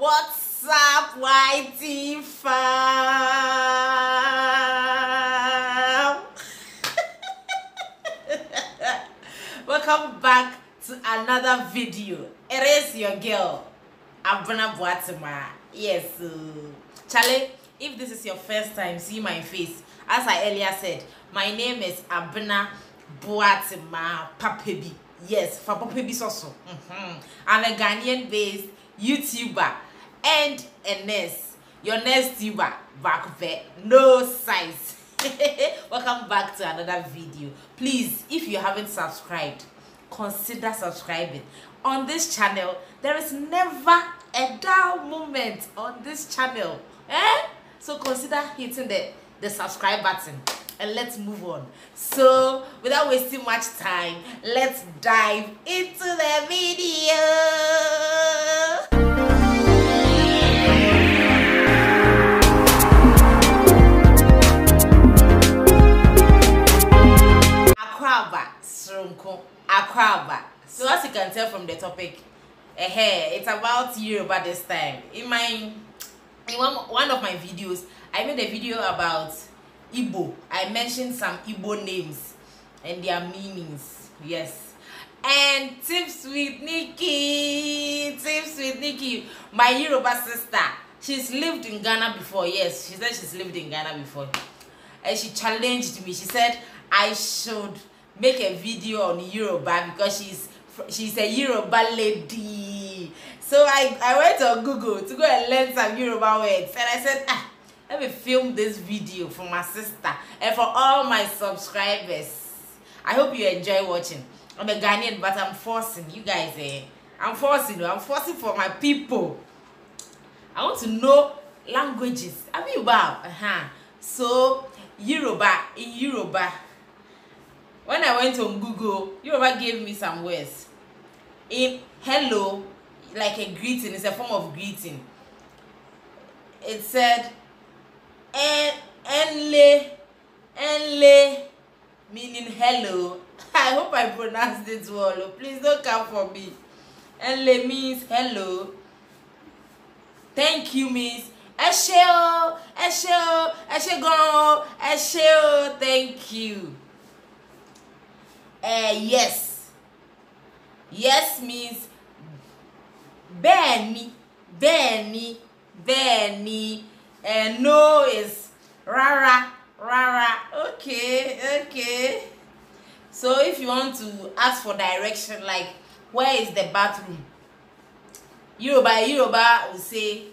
What's up, YT fam? Welcome back to another video. It is your girl, Abuna Boatima. Yes. Charlie, if this is your first time see my face, as I earlier said, my name is Abuna Boatima Papebi. Yes, for Papebi Soso. Mm -hmm. I'm a Ghanaian based YouTuber and a nurse. Your nurse tuber back there, no signs. Welcome back to another video. Please, if you haven't subscribed, consider subscribing. On this channel, there is never a dull moment on this channel. Eh? So consider hitting the, the subscribe button and let's move on. So, without wasting much time, let's dive into the video. can tell from the topic, eh, it's about Yoruba this time. In my in one, one of my videos, I made a video about Igbo. I mentioned some Igbo names and their meanings. Yes. And tips with Nikki. Tips with Nikki, my Yoruba sister. She's lived in Ghana before. Yes, she said she's lived in Ghana before. And she challenged me. She said I should make a video on Yoruba because she's she's a Yoruba lady. So I, I went on Google to go and learn some Yoruba words. And I said, ah, let me film this video for my sister and for all my subscribers. I hope you enjoy watching. I'm a Ghanaian, but I'm forcing you guys. Eh, I'm forcing you. I'm forcing for my people. I want to know languages. I mean, wow. Uh -huh. So, Yoruba, Yoruba when I went on Google, Yoruba gave me some words. In hello, like a greeting, it's a form of greeting. It said, enle, enle, meaning hello. I hope I pronounced it well. Please don't come for me. Enle means hello. Thank you means ẹ ṣé o, ẹ ṣé o, ẹ ṣé gan o, ẹ ṣé o, thank you uh, yes yes means bẹ́ẹ̀ni bẹ́ẹ̀ni bẹ́ẹ̀ni uh, no is rara, rara. okay okay so if you want to ask for direction like where is the bathroom Yoruba Yoruba will say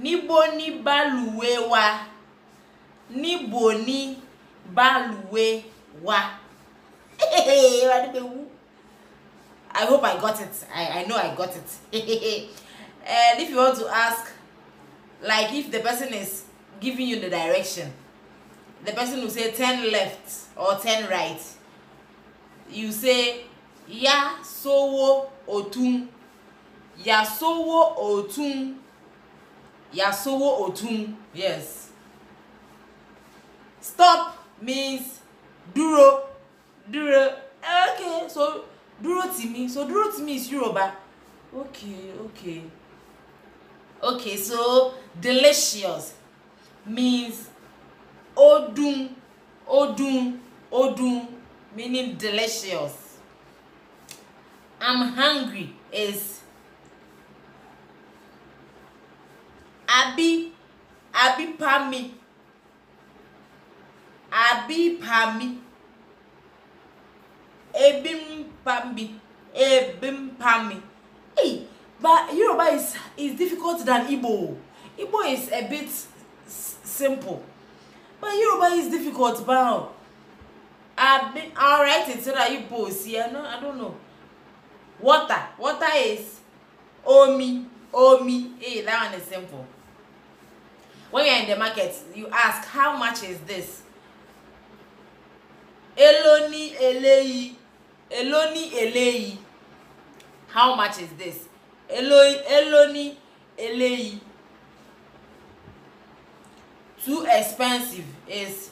níbo ni balùwẹ̀ wà níbo ni balùwẹ̀ wà. I hope I got it. I, I know I got it. and if you want to ask, like if the person is giving you the direction, the person will say 10 left or 10 right. You say, Ya sowo otun. Ya sowo otun. Ya sowo otun. Yes. Stop means duro Duro, okay so duro tì mí so duro tì mí is Yoruba okay okay okay so delicious means ó dùn ó dùn ó dùn meaning delicious i'm hungry is abi abi pa mi abi pa mi ebi ń pa ebi ń mi hey but Yoruba is is difficult than Igbo Igbo is a bit simple but Yoruba is difficult But I've been I'll write it so that Igbo see I know I don't know water water is omi omi hey that one is simple when you're in the market you ask how much is this elo ni eleyi èló ni eléyìí how much is this èló èló ni eléyìí too expensive is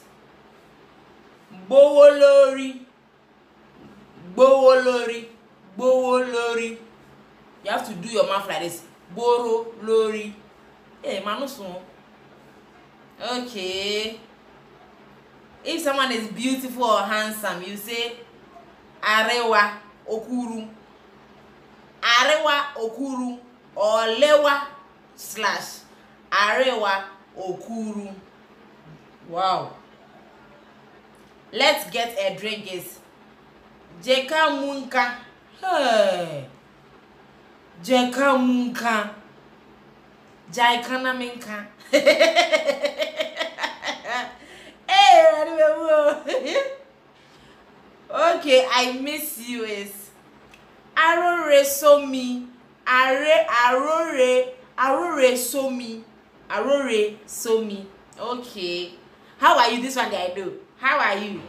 gbówó lórí gbówó lórí gbówó lórí you have to do your mouth like this gbóró lórí ẹ hey, màá nù sùn okay if someone is beautiful or handsome you say. Arewa okuru, Arewa okuru, ọ̀lẹ́wà slash Arewa okuru. wow let's get a drink is jẹ́ ká mu nǹkan jẹ́ ká mu Hey, I don't okay i miss you is arore somi are arore arore somi arore somi okay how are you this one that i do how are you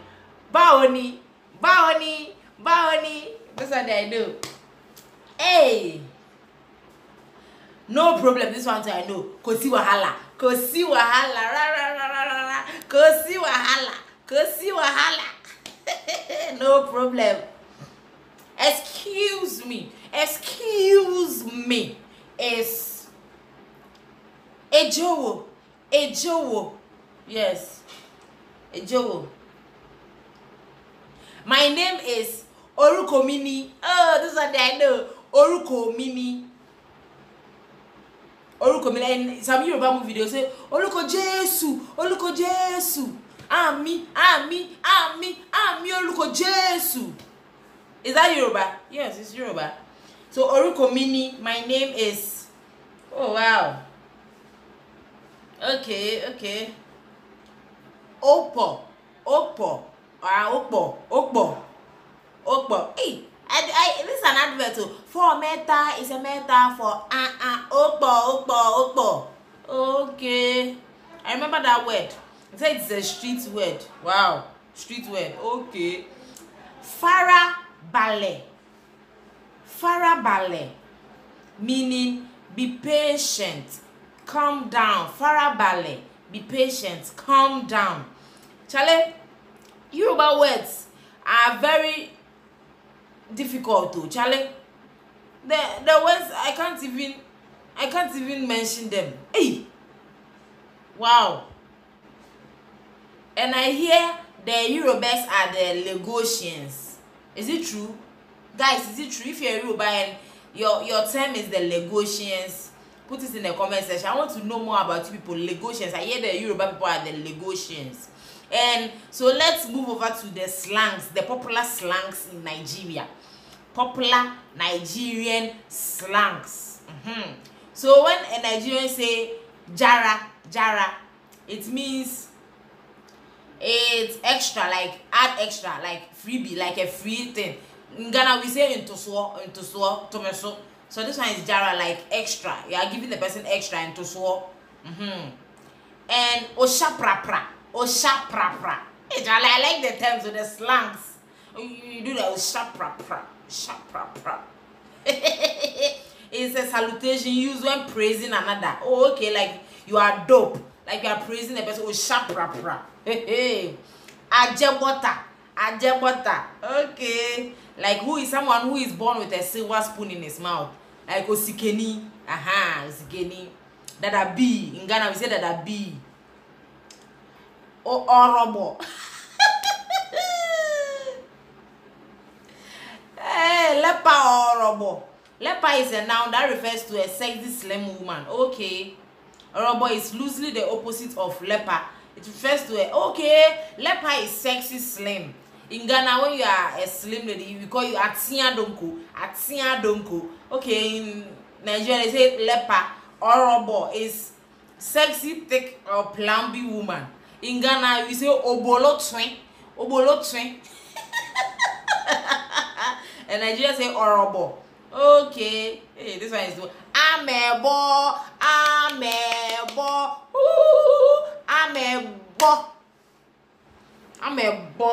báwo ni báwo ni báwo ni this one that i do hey no problem this one too i know kò sí wàhálà wahala, ra ra ra ra ra kò sí wahala, kò sí wàhálà no problem excuse me excuse me is ẹ jọ̀wọ́ ẹ jọ̀wọ́ yes ẹ jọ̀wọ́ my name is orúkọ mi ni oh this one i know orúkọ mi ni orúkọ mi ni some Yoruba movie dey say orúkọ Jésù orúkọ Jésù àmì àmì àmì àmì orúkọ jésù is that yoruba yes it's yoruba so orúkọ mi ni my name is oh wow okay okay opo opo ah opo opo opo hey I, I, this is an advert o oh. for meta is a meta for ah uh, ah uh, opo opo opo okay i remember that word. It said it's a street word. Wow. Street word. Okay. Farabalẹ̀. Farabalẹ̀. Meaning be patient. Calm down. Farabalẹ̀. Be patient. Calm down. Chale, Yoruba words are very difficult though. Chale, the the words I can't even I can't even mention them. Hey, wow. And I hear the Eurobets are the Lagosians. Is it true? Guys, is it true? If you're a Yoruba and your, your term is the Lagosians, put it in the comment section. I want to know more about you people, Lagosians. I hear the Yoruba people are the Lagosians. And so let's move over to the slangs, the popular slangs in Nigeria. Popular Nigerian slangs. Mm-hmm. So when a Nigerian say jara, jara, it means it's extra like add extra like freebie like a free thing in ghana we say ntosoɔ ntosoɔ tomeso so this one is jara like extra you are giving the person extra ntosoɔ mm -hmm. and osha prapra osha prapra hey, jala i like the terms of the slangs you do that osha prapra osha prapra it's a salutation used when praising another oh okay like you are dope like you are praising the person osha prapra hey hey ajẹbọta Ajebota. okay like who is someone who is born with a silver spoon in his mouth like osikeni aha osikeni dada b in ghana we say dada b ọrọbọ hey, eh, lepa ọrọbọ lepa is a noun that refers to a sexy slim woman okay. Orobo is loosely the opposite of leper. It refers to a okay, leper is sexy slim. In Ghana, when you are a slim lady, we call you Atia Donko. Atia Donko. Okay, in Nigeria, they say leper. Orobo is sexy, thick, or plumpy woman. In Ghana, we say Obolo twin. Obolo twin. and Nigeria say Orobo. Okay. Hey, this one is. I amẹ̀bọ amẹ̀bọ amẹ̀bọ amẹ̀bọ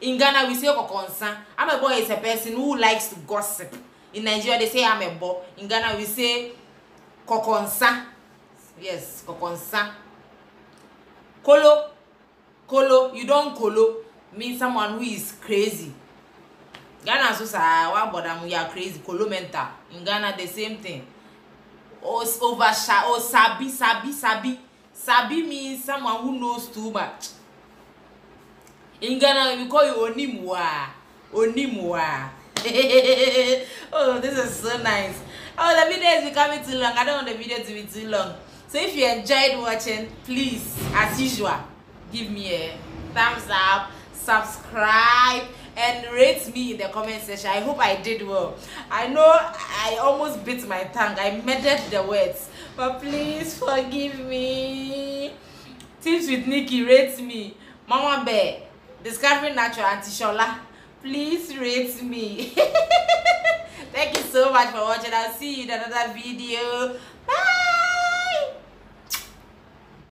in ghana we say kokonsan amẹ̀bọ is a person who likes to gossip in nigeria they say amẹ̀bọ in ghana we say kokonsa. yes kokonsa. kolo kolo you don kolo mean someone who is crazy ghana nso saa waboda mu ya crazy kolomenta in ghana the same thing oversha or sabi sabi sabi sabi means someone who knows too much in ghana we call you onimwa onimwa oh this is so nice oh the video is becoming too long i don't want the video to be too long so if you enjoyed watching please as usual give me a thumbs up subscribe and rate me in the comment section. I hope I did well. I know I almost bit my tongue. I murdered the words. But please forgive me. Tips with Nikki, rate me. Mama Bear, Discovering Natural Auntie Shola, please rate me. Thank you so much for watching. I'll see you in another video. Bye.